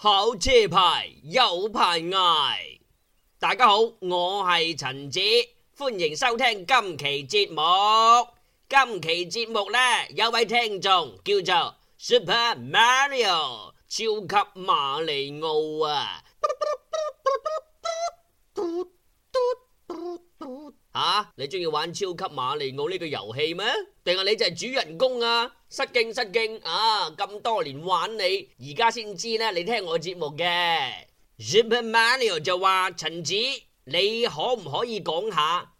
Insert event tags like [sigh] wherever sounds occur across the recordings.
考車牌有排捱，大家好，我係陳子，歡迎收聽今期節目。今期節目呢，有位聽眾叫做 Super Mario，超級馬里奧啊。 [noise] 啊！你中意玩超級馬里奧呢個遊戲咩？定係你就係主人公啊！失敬失敬啊！咁多年玩你，而家先知呢？你聽我節目嘅 Super Mario 就話：陳 [noise] 子，你可唔可以講下？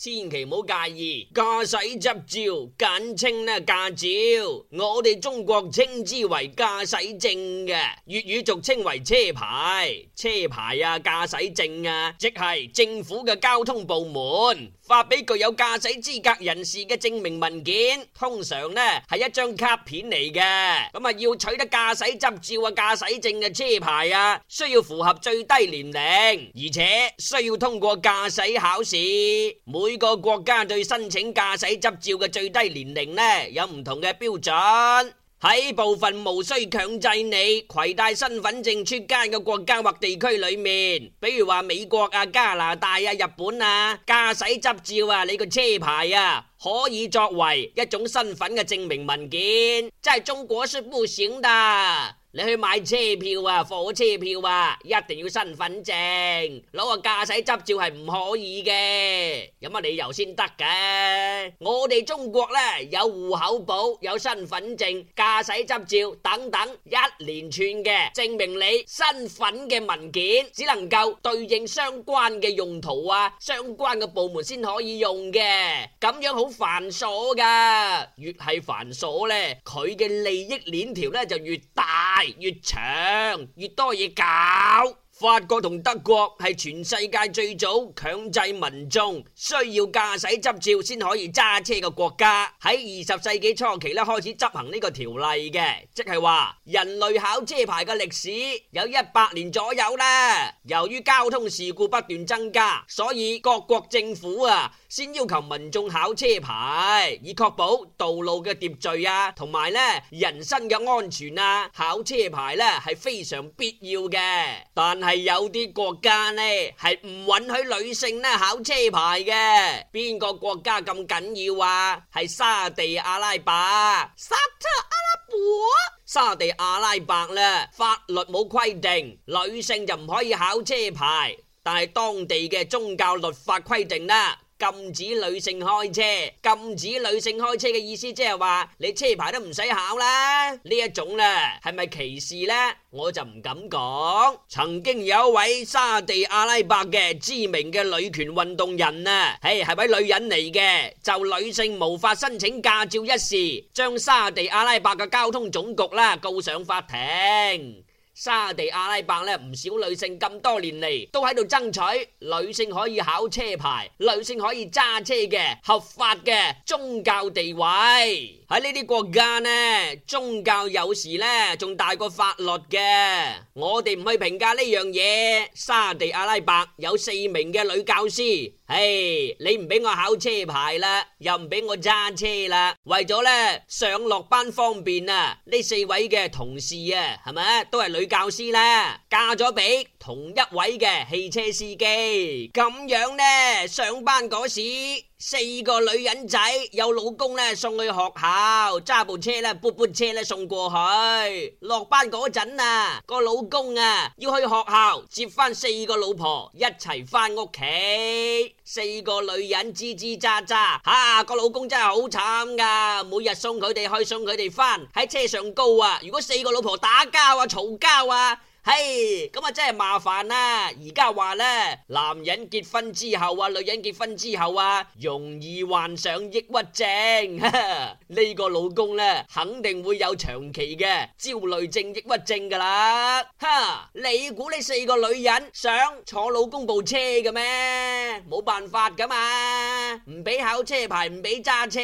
千祈唔好介意，駕駛執照簡稱咧駕照，我哋中國稱之為駕駛證嘅，粵語俗稱為車牌。車牌啊，駕駛證啊，即係政府嘅交通部門發俾具有駕駛資格人士嘅證明文件，通常咧係一張卡片嚟嘅。咁啊，要取得駕駛執照啊，駕駛證嘅車牌啊，需要符合最低年齡，而且需要通過駕駛考試。每每個國家對申請駕駛執照嘅最低年齡呢，有唔同嘅標準。喺部分無需強制你攜帶身份證出街嘅國家或地區裏面，比如話美國啊、加拿大啊、日本啊，駕駛執照啊，你個車牌啊可以作為一種身份嘅證明文件。即係中國說不行㗎。你去買車票啊，火車票啊，一定要身份證，攞個駕駛執照係唔可以嘅，有乜理由先得嘅？我哋中國呢，有戶口簿、有身份證、駕駛執照等等一連串嘅證明你身份嘅文件，只能夠對應相關嘅用途啊，相關嘅部門先可以用嘅。咁樣好繁瑣噶，越係繁瑣呢，佢嘅利益鏈條呢就越大。越長越多嘢搞，法國同德國係全世界最早強制民眾需要駕駛執照先可以揸車嘅國家，喺二十世紀初期咧開始執行呢個條例嘅，即係話人類考車牌嘅歷史有一百年左右啦。由於交通事故不斷增加，所以各國政府啊。先要求民眾考車牌，以確保道路嘅秩序啊，同埋咧人身嘅安全啊。考車牌咧係非常必要嘅，但係有啲國家呢係唔允許女性咧考車牌嘅。邊個國家咁緊要啊？係沙地阿拉伯，沙特阿拉伯，沙地阿拉伯咧，法律冇規定女性就唔可以考車牌，但係當地嘅宗教律法規定啦。禁止女性開車，禁止女性開車嘅意思即係話你車牌都唔使考啦呢一種啦、啊，係咪歧視呢？我就唔敢講。曾經有一位沙地阿拉伯嘅知名嘅女權運動人啊，係係位女人嚟嘅，就女性無法申請駕照一事，將沙地阿拉伯嘅交通總局啦告，告上法庭。沙地阿拉伯咧，唔少女性咁多年嚟都喺度爭取女性可以考車牌，女性可以揸車嘅合法嘅宗教地位。喺呢啲國家呢，宗教有時咧仲大過法律嘅。我哋唔去評價呢樣嘢。沙地阿拉伯有四名嘅女教師。唉，hey, 你唔俾我考車牌啦，又唔俾我揸車啦，為咗呢上落班方便啊！呢四位嘅同事啊，係咪都係女教師啦，嫁咗俾同一位嘅汽車司機，咁樣呢上班嗰時。四個女人仔有老公咧，送去學校揸部車咧，撥撥車咧送過去。落班嗰陣啊，個老公啊要去學校接翻四個老婆一齊翻屋企。四個女人吱吱喳喳，吓、啊、個老公真係好慘噶，每日送佢哋去，送佢哋翻喺車上高啊。如果四個老婆打交啊，嘈交啊。嘿，咁啊、hey, 真係麻煩啦！而家話呢，男人結婚之後啊，女人結婚之後啊，容易患上抑鬱症。呢 [laughs] 個老公呢，肯定會有長期嘅焦慮症、抑鬱症、抑鬱症噶啦。哈，你估你四個女人想坐老公部車嘅咩？冇辦法噶嘛，唔俾考車牌，唔俾揸車。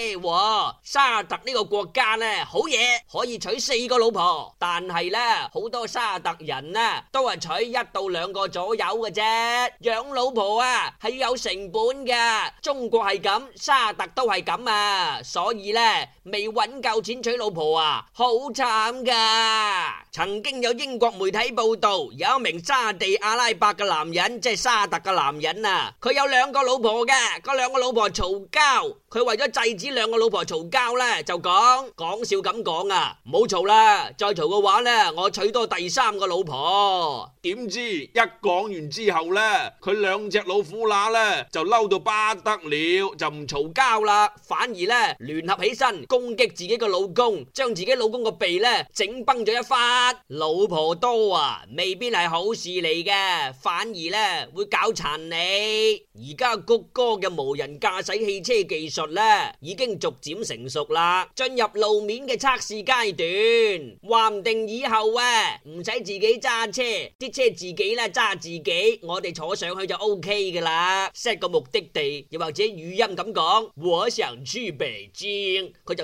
沙特呢個國家呢，好嘢，可以娶四個老婆，但係呢，好多沙特人。都係娶一到兩個左右嘅啫，養老婆啊係要有成本嘅，中國係咁，沙特都係咁啊，所以咧。未揾夠錢娶老婆啊，好慘噶！曾經有英國媒體報道，有一名沙地阿拉伯嘅男人，即係沙特嘅男人啊，佢有兩個老婆嘅，嗰兩個老婆嘈交，佢為咗制止兩個老婆嘈交呢，就講講笑咁講啊，唔好嘈啦，再嘈嘅話呢，我娶多第三個老婆。點知一講完之後呢，佢兩隻老虎乸呢，就嬲到不得了，就唔嘈交啦，反而呢，聯合起身。攻擊自己個老公，將自己老公個鼻咧整崩咗一翻。老婆多啊，未必係好事嚟嘅，反而咧會搞殘你。而家谷歌嘅無人駕駛汽車技術咧已經逐漸成熟啦，進入路面嘅測試階段。話唔定以後啊，唔使自己揸車，啲車自己咧揸自己，我哋坐上去就 O K 噶啦。set 個目的地，又或者語音咁講，我想去北京，佢就。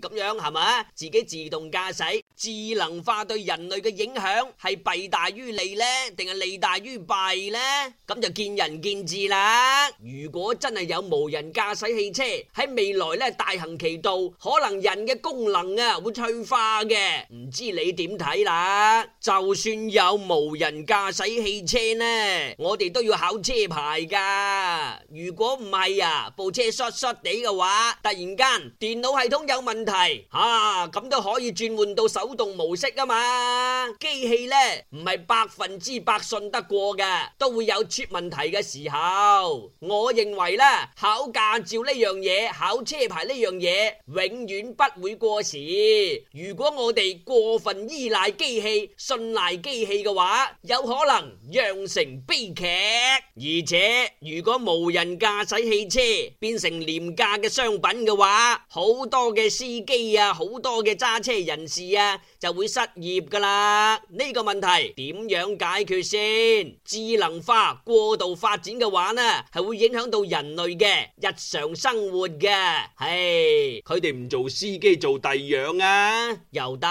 咁樣係咪自己自動駕駛智能化，對人類嘅影響係弊大於利呢，定係利大於弊呢？咁就見仁見智啦。如果真係有無人駕駛汽車喺未來咧大行其道，可能人嘅功能啊會退化嘅，唔知你點睇啦？就算有無人駕駛汽車呢，我哋都要考車牌㗎。如果唔係啊，部車 short short 哋嘅話，突然間電腦系統有問題。係啊，咁都可以轉換到手動模式啊嘛。機器呢，唔係百分之百信得過嘅，都會有出問題嘅時候。我認為呢，考駕照呢樣嘢，考車牌呢樣嘢，永遠不會過時。如果我哋過分依賴機器、信賴機器嘅話，有可能釀成悲劇。而且如果無人駕駛汽車變成廉價嘅商品嘅話，好多嘅私司機啊，好多嘅揸車人士啊。就會失業㗎喇，呢、呢個問題點樣解決先？智能化過度發展嘅話呢，係會影響到人類嘅日常生活嘅。唉、哎，佢哋唔做司機做第樣啊，又得。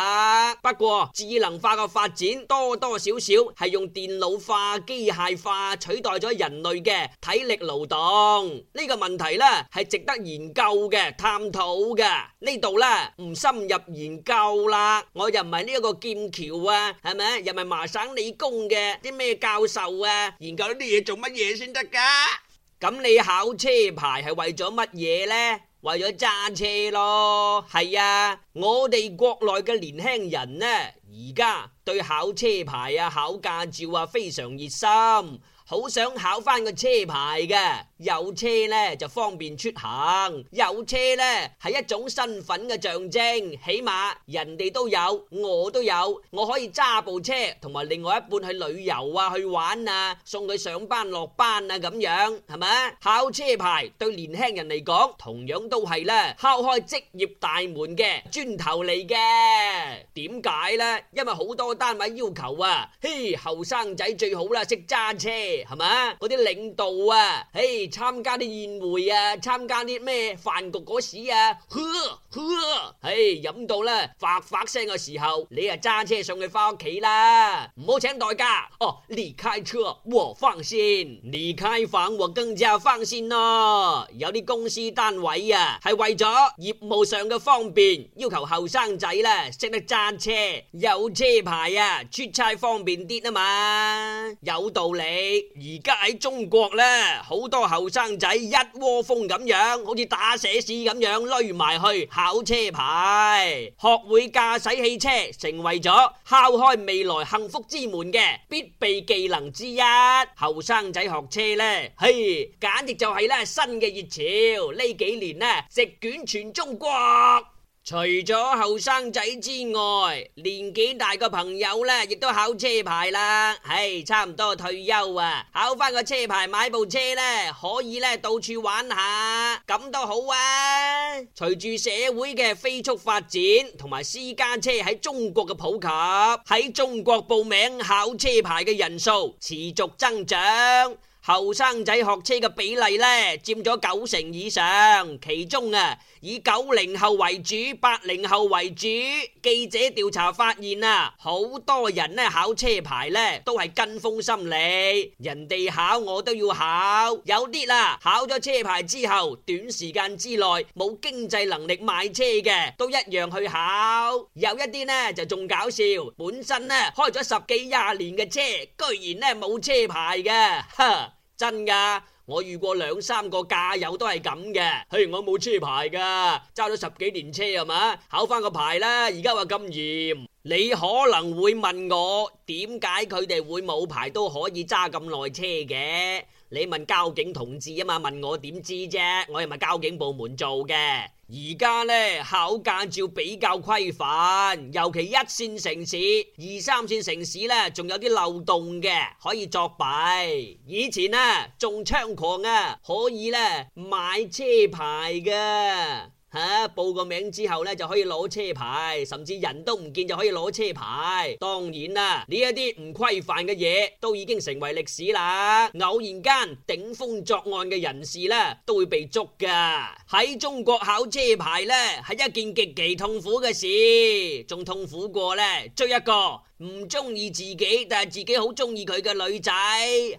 不過智能化嘅發展多多少少係用電腦化、機械化取代咗人類嘅體力勞動，呢、呢個問題呢係值得研究嘅、探討嘅。呢度呢唔深入研究啦，我。又唔係呢個劍橋啊，係咪？又唔係麻省理工嘅啲咩教授啊？研究呢啲嘢做乜嘢先得噶？咁 [noise] 你考車牌係為咗乜嘢呢？為咗揸車咯。係啊，我哋國內嘅年輕人呢、啊，而家對考車牌啊、考駕照啊非常熱心。好想考翻個車牌嘅，有車呢就方便出行，有車呢係一種身份嘅象徵，起碼人哋都有，我都有，我可以揸部車同埋另外一半去旅遊啊，去玩啊，送佢上班落班啊，咁樣係咪？考車牌對年輕人嚟講同樣都係呢，敲開職業大門嘅磚頭嚟嘅，點解呢？因為好多單位要求啊，嘿，後生仔最好啦，識揸車。係嘛？嗰啲領導啊，嘿，參加啲宴會啊，參加啲咩飯局嗰時啊，呵呵，誒，飲到咧，發發聲嘅時候，你啊揸車送佢翻屋企啦，唔好請代駕。哦、啊，你開車先，我放心；你開房，我更加放心咯。有啲公司單位啊，係為咗業務上嘅方便，要求後生仔咧識得揸車，有車牌啊，出差方便啲啊嘛，有道理。而家喺中國呢，好多後生仔一窩蜂咁樣，好似打蛇屎咁樣，拉埋去考車牌，學會駕駛汽車，成為咗敲開未來幸福之門嘅必備技能之一。後生仔學車呢，嘿，簡直就係呢新嘅熱潮。呢幾年呢，席捲全中國。除咗後生仔之外，年紀大個朋友咧，亦都考車牌啦。唉，差唔多退休啊，考返個車牌買部車咧，可以咧到處玩下，咁都好啊。隨住社會嘅飛速發展，同埋私家車喺中國嘅普及，喺中國報名考車牌嘅人數持續增長。後生仔學車嘅比例咧，佔咗九成以上。其中啊，以九零後為主，八零後為主。記者調查發現啊，好多人咧考車牌咧都係跟風心理，人哋考我都要考。有啲啦、啊，考咗車牌之後，短時間之內冇經濟能力買車嘅，都一樣去考。有一啲呢就仲搞笑，本身呢開咗十幾廿年嘅車，居然呢冇車牌嘅，哈！真噶，我遇過兩三個駕友都係咁嘅。嘿，我冇車牌噶，揸咗十幾年車係嘛，考翻個牌啦。而家話咁嚴，你可能會問我點解佢哋會冇牌都可以揸咁耐車嘅？你問交警同志啊嘛？問我點知啫？我又咪交警部門做嘅。而家呢，考駕照比較規範，尤其一線城市、二三線城市呢，仲有啲漏洞嘅，可以作弊。以前呢、啊、仲猖狂啊，可以呢買車牌嘅。吓，報個名之後咧，就可以攞車牌，甚至人都唔見就可以攞車牌。當然啦、啊，呢一啲唔規範嘅嘢都已經成為歷史啦。偶然間頂風作案嘅人士咧，都會被捉噶。喺中國考車牌咧係一件極其痛苦嘅事，仲痛苦過咧追一個。唔中意自己，但係自己好中意佢嘅女仔，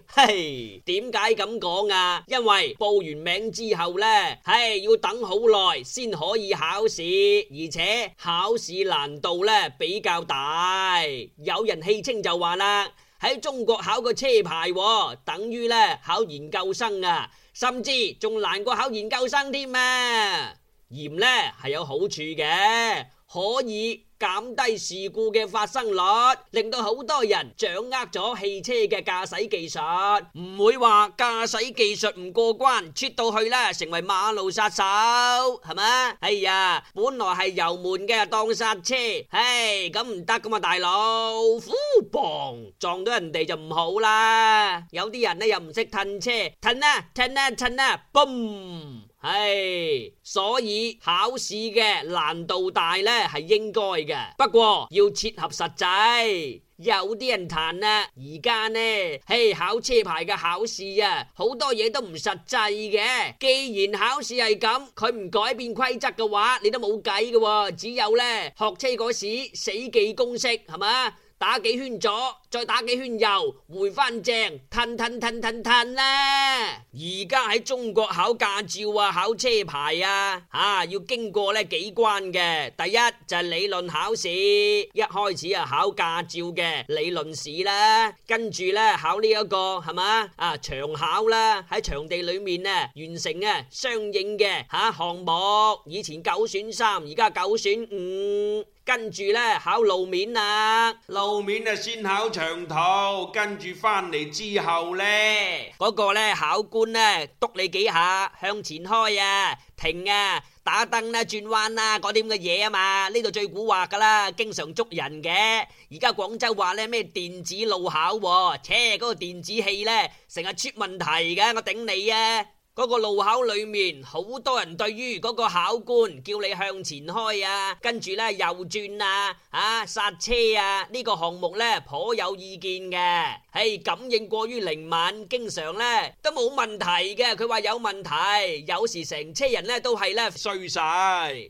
嘿，點解咁講啊？因為報完名之後呢，嘿，要等好耐先可以考試，而且考試難度呢比較大。有人戲稱就話啦，喺中國考個車牌等於呢考研究生啊，甚至仲難過考研究生添啊，嚴呢係有好處嘅。可以減低事故嘅發生率，令到好多人掌握咗汽車嘅駕駛技術，唔會話駕駛技術唔過關，出到去啦，成為馬路殺手，係咪？哎呀，本來係油門嘅，當剎車，唉，咁唔得噶嘛，大佬，虎磅撞到人哋就唔好啦。有啲人呢，又唔識褪車，褪啦，啊，褪啦，啊，褪啦，啊，嘣，啊！係，hey, 所以考試嘅難度大呢係應該嘅，不過要切合實際。有啲人談啦、啊，而家呢，嘿、hey, 考車牌嘅考試啊，好多嘢都唔實際嘅。既然考試係咁，佢唔改變規則嘅話，你都冇計嘅。只有呢，學車嗰時死記公式，係嘛？打幾圈左，再打幾圈右，回翻正，褪褪褪褪褪啦！而家喺中國考駕照啊，考車牌啊，吓要經過呢幾關嘅。第一就係、是、理論考試，一開始考考、這個、啊考駕照嘅理論試啦，跟住呢，考呢一個係咪啊場考啦，喺場地裏面呢完成啊相應嘅吓項目。以前九選三，而家九選五。跟住咧考路面啊，路面啊先考長途，跟住翻嚟之後咧，嗰個咧考官咧督你幾下向前開啊，停啊，打燈啦、啊，轉彎啦、啊，嗰啲咁嘅嘢啊嘛。呢度最古惑噶啦，經常捉人嘅。而家廣州話咧咩電子路考、啊，車嗰、嗰個電子器咧成日出問題噶，我頂你啊！嗰個路口裏面好多人對於嗰個考官叫你向前開啊，跟住呢右轉啊，啊剎車啊呢、呢個項目呢，頗有意見嘅。唉，感應過於靈敏，經常呢，都冇問題嘅。佢話有問題，有時成車人呢都係呢衰晒。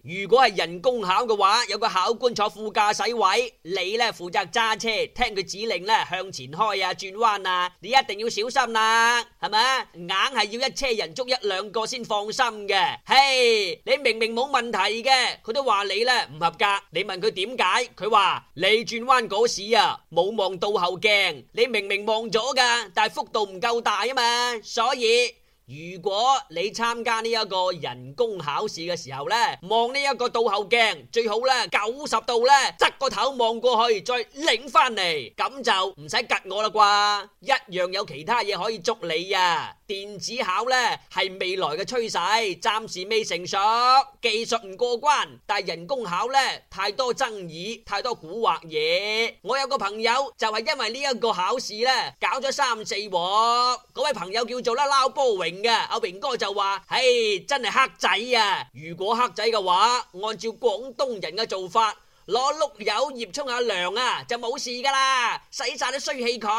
如果係人工考嘅話，有個考官坐副駕駛位，你呢負責揸車，聽佢指令呢向前開啊，轉彎啊，你一定要小心啦、啊，係咪？硬係要一車人。捉一兩個先放心嘅，嘿！你明明冇問題嘅，佢都話你呢，唔合格。你問佢點解？佢話你轉彎嗰時啊，冇望到後鏡，你明明望咗噶，但係幅度唔夠大啊嘛，所以。如果你參加呢一個人工考試嘅時候咧，望呢一個倒後鏡最好咧九十度咧，側個頭望過去再擰翻嚟，咁就唔使窒我啦啩，一樣有其他嘢可以捉你啊！電子考咧係未來嘅趨勢，暫時未成熟，技術唔過關。但係人工考咧太多爭議，太多蠱惑嘢。我有個朋友就係因為呢一個考試咧搞咗三四鑊，嗰位朋友叫做啦撈波榮。阿榮哥就話：唉，真係黑仔啊！如果黑仔嘅話，按照廣東人嘅做法。攞碌柚葉沖下涼啊，就冇事噶啦，洗晒啲衰氣佢。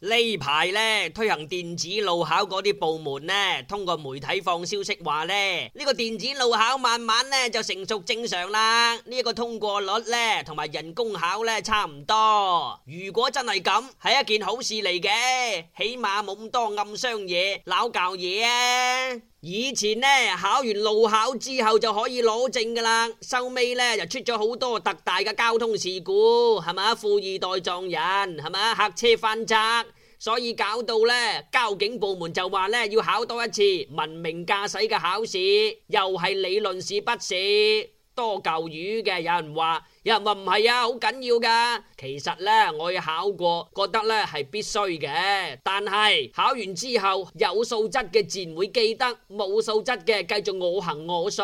呢排呢，推行電子路考嗰啲部門呢，通過媒體放消息話呢，呢個電子路考慢慢呢就成熟正常啦，呢一個通過率呢，同埋人工考呢，差唔多。如果真係咁，係一件好事嚟嘅，起碼冇咁多暗箱嘢、撈教嘢啊。以前呢，考完路考之後就可以攞證噶啦，收尾呢，就出咗好多特大嘅交通事故，係嘛富二代撞人，係嘛客車翻側，所以搞到呢，交警部門就話呢，要考多一次文明駕駛嘅考試，又係理論試筆試，多舊魚嘅，有人話。有人話唔係啊，好緊要噶。其實呢，我有考過，覺得呢係必須嘅。但係考完之後，有素質嘅自然會記得，冇素質嘅繼續我行我素。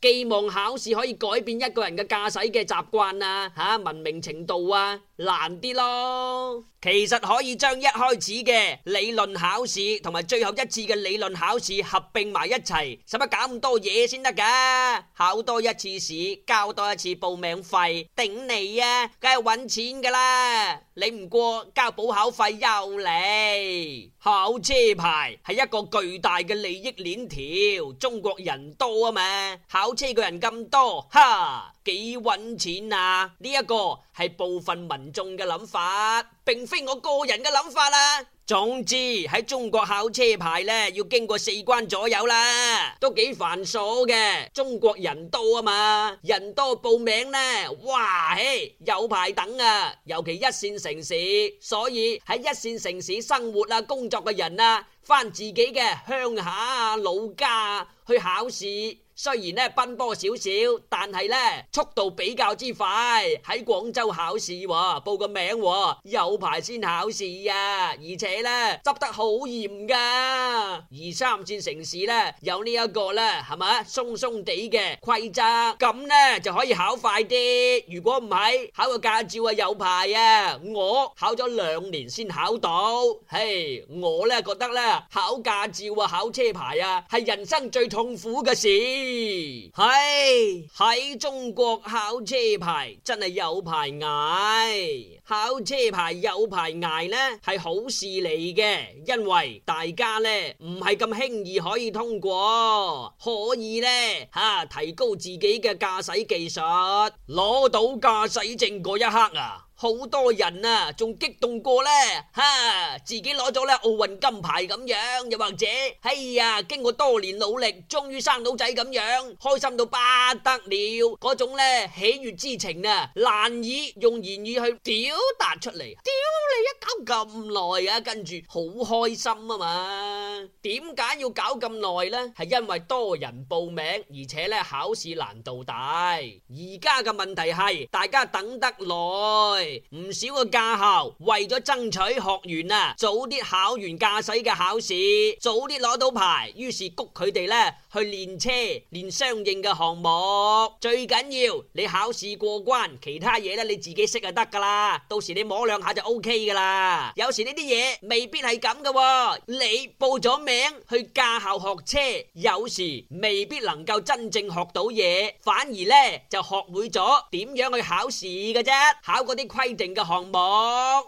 寄望考試可以改變一個人嘅駕駛嘅習慣啊，吓文明程度啊，難啲咯。其實可以將一開始嘅理論考試同埋最後一次嘅理論考試合併埋一齊，使乜搞咁多嘢先得噶？考多一次試，交多一次報名。喂，頂你啊，梗係搵錢噶啦！你唔過交補考費又嚟考車牌，係一個巨大嘅利益鏈條。中國人多啊嘛，考車嘅人咁多，哈，幾搵錢啊！呢一個係部分民眾嘅諗法，並非我個人嘅諗法啊。總之喺中國考車牌咧，要經過四關左右啦，都幾繁瑣嘅。中國人多啊嘛，人多報名咧，哇嘿，有排等啊！尤其一線城市，所以喺一線城市生活啊、工作嘅人啊，返自己嘅鄉下啊、老家啊去考試。雖然咧奔波少少，但係咧速度比較之快。喺廣州考試，報個名有排先考試啊。而且咧執得好嚴噶。二三線城市咧有呢一個啦，係咪鬆鬆地嘅規則，咁咧就可以考快啲。如果唔係，考個駕照啊有排啊。我考咗兩年先考到。嘿、hey，我咧覺得咧考駕照啊、考車牌啊係人生最痛苦嘅事。係喺中國考車牌真係有排捱，考車牌有排捱呢係好事嚟嘅，因為大家呢唔係咁輕易可以通過，可以呢，吓提高自己嘅駕駛技術，攞到駕駛證嗰一刻啊！好多人啊，仲激動過呢，哈！自己攞咗呢奧運金牌咁樣，又或者，哎呀，經過多年努力，終於生到仔咁樣，開心到不得了，嗰種呢喜悅之情啊，難以用言語去表達出嚟。屌你啊，搞咁耐啊，跟住好開心啊嘛，點解要搞咁耐呢？係因為多人報名，而且呢考試難度大，而家嘅問題係大家等得耐。唔少嘅駕校為咗爭取學員啊，早啲考完駕駛嘅考試，早啲攞到牌，於是谷佢哋咧去練車，練相應嘅項目。最緊要你考試過關，其他嘢咧你自己識就得噶啦。到時你摸兩下就 OK 噶啦。有時呢啲嘢未必係咁嘅，你報咗名去駕校學車，有時未必能夠真正學到嘢，反而咧就學會咗點樣去考試嘅啫，考嗰啲規。規定嘅項目，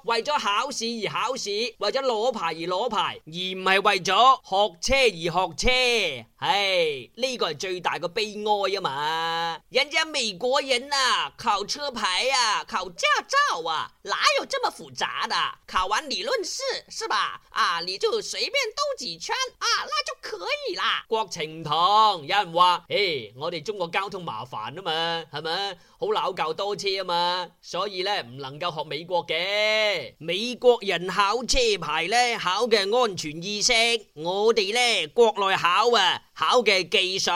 為咗考試而考試，為咗攞牌而攞牌，而唔係為咗學車而學車。唉，呢、hey, 個係最大嘅悲哀啊嘛！人家美國人啊，考車牌啊，考駕照啊，哪有這麼複雜的？考完理論試，是吧？啊，你就隨便兜幾圈啊，那就可以啦。國情堂有人話，唉，我哋中國交通麻煩啊嘛，係咪？好老舊多車啊嘛，所以咧唔能夠學美國嘅。美國人考車牌咧，考嘅安全意識，我哋咧國內考啊。考嘅技術。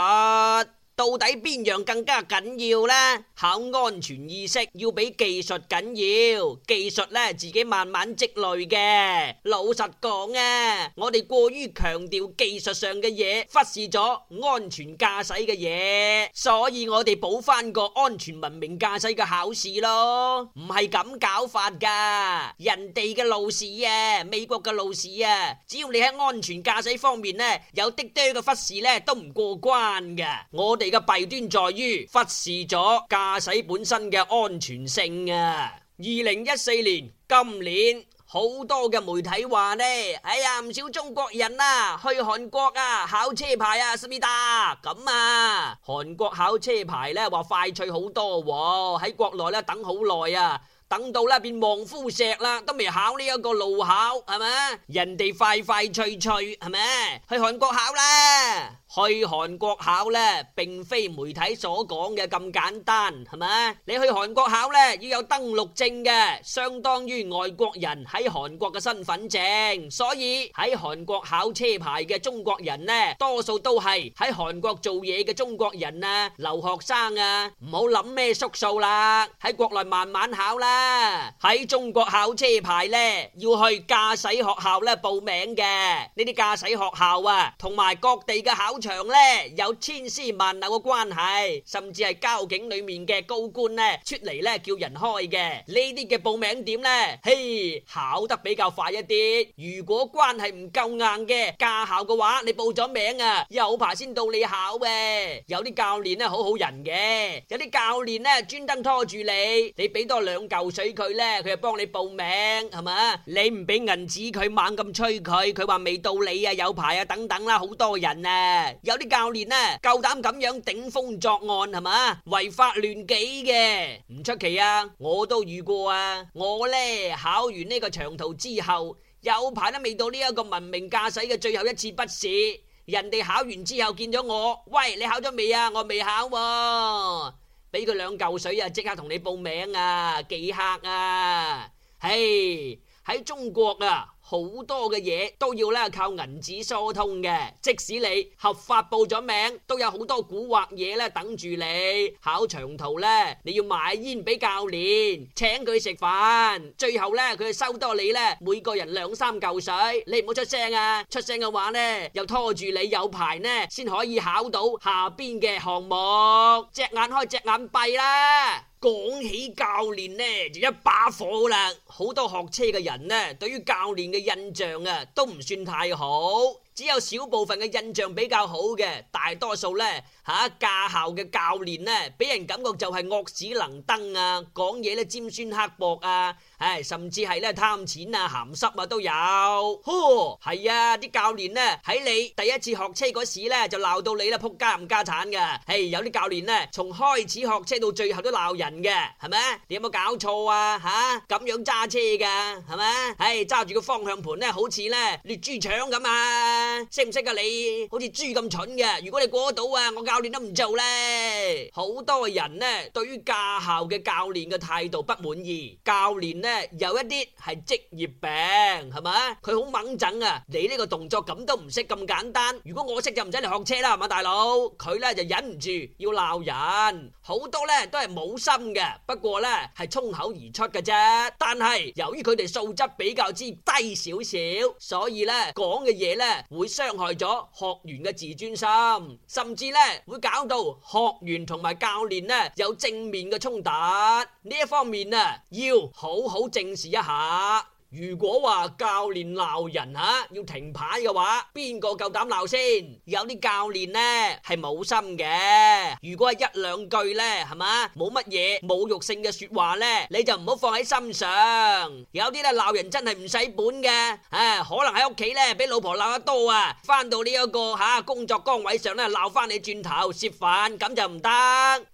到底邊樣更加緊要呢？考安全意識要比技術緊要，技術呢自己慢慢積累嘅。老實講啊，我哋過於強調技術上嘅嘢，忽視咗安全駕駛嘅嘢，所以我哋補翻個安全文明駕駛嘅考試咯。唔係咁搞法噶，人哋嘅路試啊，美國嘅路試啊，只要你喺安全駕駛方面呢有啲啲嘅忽視呢，都唔過關噶。我哋。嘅弊端在於忽視咗駕駛本身嘅安全性啊！二零一四年，今年好多嘅媒體話呢，哎呀唔少中國人啊去韓國啊考車牌啊，思密達。咁啊，韓國考車牌呢話快脆好多喎，喺國內呢等好耐啊，等到咧變望夫石啦，都未考呢一個路考係咪？人哋快快脆脆係咪？去韓國考啦！去韓國考呢，並非媒體所講嘅咁簡單，係咪？你去韓國考呢，要有登錄證嘅，相當於外國人喺韓國嘅身份證。所以喺韓國考車牌嘅中國人呢，多數都係喺韓國做嘢嘅中國人啊，留學生啊，唔好諗咩縮數啦，喺國內慢慢考啦。喺中國考車牌呢，要去駕駛學校咧報名嘅，呢啲駕駛學校啊，同埋各地嘅考。場咧有千絲萬縷嘅關係，甚至係交警裏面嘅高官咧出嚟咧叫人開嘅呢啲嘅報名點咧，嘿考得比較快一啲。如果關係唔夠硬嘅駕校嘅話，你報咗名啊，有排先到你考嘅。有啲教練咧好好人嘅，有啲教練咧專登拖住你，你俾多兩嚿水佢咧，佢就幫你報名係嘛。你唔俾銀紙，佢猛咁催佢，佢話未到你啊，有排啊等等啦，好多人啊。有啲教練啊，夠膽咁樣頂風作案係嘛，違法亂紀嘅，唔出奇啊！我都遇過啊！我呢，考完呢個長途之後，有排都未到呢一個文明駕駛嘅最後一次筆試，人哋考完之後見咗我，喂，你考咗未啊？我未考啊，俾佢兩嚿水啊，即刻同你報名啊！幾黑啊！嘿，喺中國啊！好多嘅嘢都要咧靠銀紙疏通嘅，即使你合法報咗名，都有好多古惑嘢咧等住你考長途咧。你要買煙俾教練，請佢食飯，最後咧佢收多你咧每個人兩三嚿水。你唔好出聲啊！出聲嘅話咧，又拖住你有排呢，先可以考到下邊嘅項目。隻眼開隻眼閉啦～講起教練呢，就一把火啦！好多學車嘅人呢，對於教練嘅印象啊，都唔算太好。只有少部分嘅印象比較好嘅，大多數呢，吓駕校嘅教練呢，俾人感覺就係惡死能登啊，講嘢咧尖酸刻薄啊，唉，甚至係咧貪錢啊、鹹濕啊都有。呵，係啊，啲教練呢，喺你第一次學車嗰時呢，就鬧到你啦，仆街冚家鏟噶。誒，有啲教練呢，從開始學車到最後都鬧人嘅，係咪？你有冇搞錯啊？吓，咁樣揸車噶，係咪？唉，揸住個方向盤呢，好似呢，劣豬腸咁啊！識唔識啊？你好似豬咁蠢嘅。如果你過到啊，我教練都唔做咧。好多人呢，對於駕校嘅教練嘅態度不滿意。教練呢，有一啲係職業病，係咪啊？佢好猛整啊！你呢個動作咁都唔識咁簡單。如果我識就唔使嚟學車啦，係嘛，大佬。佢呢就忍唔住要鬧人。好多呢都係冇心嘅，不過呢係衝口而出嘅啫。但係由於佢哋素質比較之低少少，所以呢講嘅嘢呢。會傷害咗學員嘅自尊心，甚至咧會搞到學員同埋教練咧有正面嘅衝突，呢一方面咧要好好正視一下。如果話教練鬧人吓要停牌嘅話，邊個夠膽鬧先？有啲教練呢係冇心嘅。如果係一兩句呢，係嘛，冇乜嘢侮辱性嘅說話呢？你就唔好放喺心上。有啲咧鬧人真係唔使本嘅，唉、啊，可能喺屋企呢，俾老婆鬧得多啊，翻到呢、這、一個吓工作崗位上咧鬧翻你轉頭食飯，咁就唔得。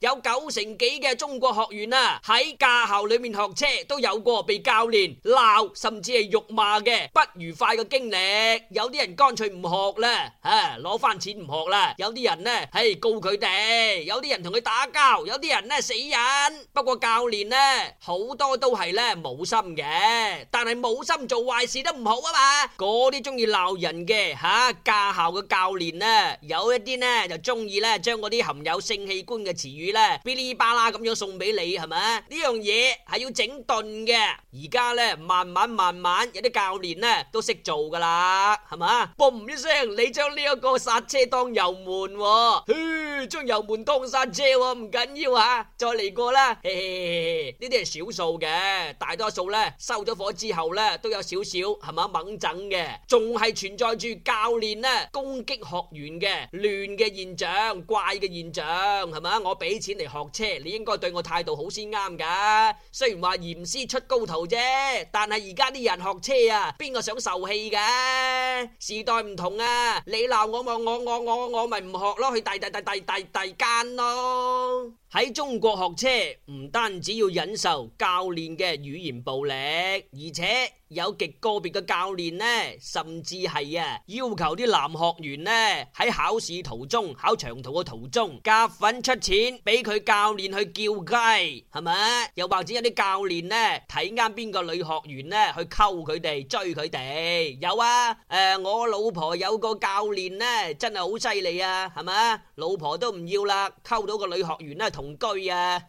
有九成幾嘅中國學員啊喺駕校裏面學車都有過被教練鬧。甚至係辱罵嘅，不愉快嘅經歷。有啲人乾脆唔學啦，吓攞翻錢唔學啦。有啲人呢，唉告佢哋；有啲人同佢打交；有啲人呢死人。不過教練呢，好多都係呢冇心嘅，但係冇心做壞事都唔好啊嘛。嗰啲中意鬧人嘅吓，駕校嘅教練呢，有一啲呢就中意呢將嗰啲含有性器官嘅詞語呢，嗶哩吧啦咁樣送俾你，係咪？呢樣嘢係要整頓嘅。而家呢，慢慢。慢慢有啲教練咧都識做噶啦，係嘛？嘣一聲，你將呢一個剎車當油門，哦，將油門當剎車，哦，唔緊要啊，再嚟過啦。嘿嘿嘿，呢啲係少數嘅，大多數咧收咗火之後咧都有少少係嘛猛整嘅，仲係存在住教練咧攻擊學員嘅亂嘅現象，怪嘅現象，係嘛？我俾錢嚟學車，你應該對我態度好先啱噶。雖然話嚴師出高徒啫，但係而家。啲人學車啊，邊個想受氣㗎？時代唔同啊！你鬧我，我我我我，我咪唔學咯，去第第第第第第間咯。喺中國學車唔單止要忍受教練嘅語言暴力，而且有極個別嘅教練呢，甚至係啊，要求啲男學員呢，喺考試途中，考長途嘅途中，夾份出錢俾佢教練去叫雞，係咪？又或者有啲教練呢，睇啱邊個女學員呢，去溝佢哋，追佢哋。有啊，誒，我老婆有個教練咧，真係好犀利啊，係咪啊？老婆都唔要啦，溝到個女學員咧同居啊，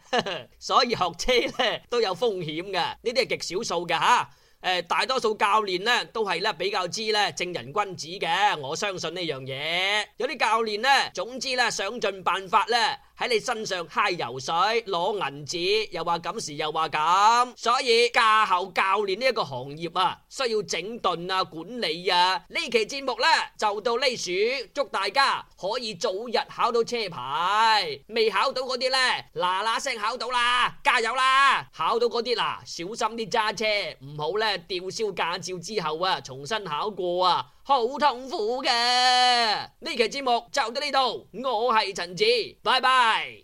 所以學車咧都有風險嘅。呢啲係極少數噶吓，誒，大多數教練咧都係咧比較知咧正人君子嘅，我相信呢樣嘢。有啲教練咧，總之咧想盡辦法咧。喺你身上揩油水攞銀紙，又話咁時又話咁，所以駕校教練呢一個行業啊，需要整頓啊管理啊。呢期節目呢，就到呢處，祝大家可以早日考到車牌，未考到嗰啲呢，嗱嗱聲考到啦，加油啦！考到嗰啲啦，小心啲揸車，唔好呢吊銷駕照之後啊，重新考過啊！好痛苦㗎。呢期節目就到呢度，我係陳志，拜拜。